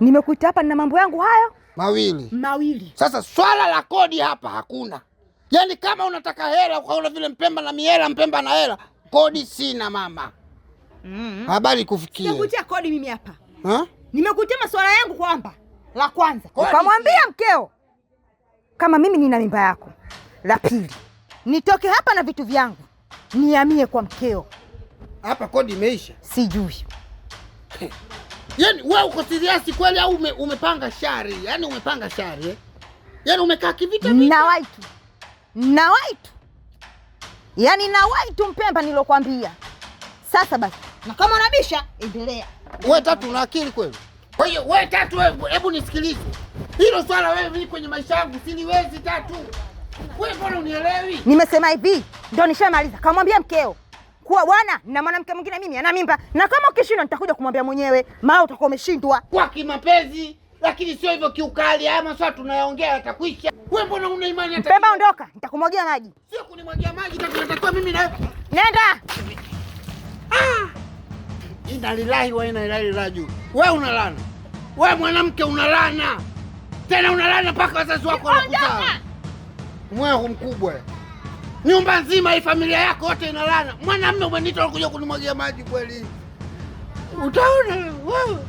Nimekuita hapa nina mambo yangu hayo mawili mawili. Sasa swala la kodi hapa hakuna, yaani kama unataka hela ukaona vile Mpemba na mihela, Mpemba na hela, kodi sina mama. mm Habari kufikia, Nimekuita kodi mimi hapa, Nimekuita maswala yangu kwamba la kwanza kamwambia mkeo kama mimi nina mimba yako, la pili nitoke hapa na vitu vyangu niamie kwa mkeo hapa. Kodi imeisha, sijui Yaani wewe uko serious kweli au ume, umepanga shari? Yaani umepanga shari eh? Yaani umekaa kivita vita. Na tu. na waitu Yaani na tu Mpemba nilokwambia. Sasa basi. Na kama unabisha endelea. Wewe Tatu una akili kweli? Kwa hiyo wewe Tatu, hebu nisikilize. Hilo swala wewe mimi kwenye maisha yangu siliwezi Tatu. Wewe mbona unielewi? Nimesema hivi, ndio nishamaliza. Kamwambia mkeo kuwa bwana na mwanamke mwingine, mimi ana mimba, na kama ukishindwa nitakuja kumwambia mwenyewe, maana utakuwa umeshindwa kwa kimapenzi lakini sio hivyo kiukali. Haya maswala tunayoongea yatakwisha. Wewe mbona una imani? hata Pemba, ondoka, nitakumwagia maji. Sio kunimwagia maji, tunatakiwa mimi na nenda. Ah, inna lillahi wa inna ilaihi rajiun. Wewe una wewe mwanamke una tena una lana mpaka wazazi wako wanakuzaa. Mwehu mkubwa nyumba nzima hii familia yako yote inalana. Mwanamume umeniita kuja kunimwagia maji kweli? Utaona wewe.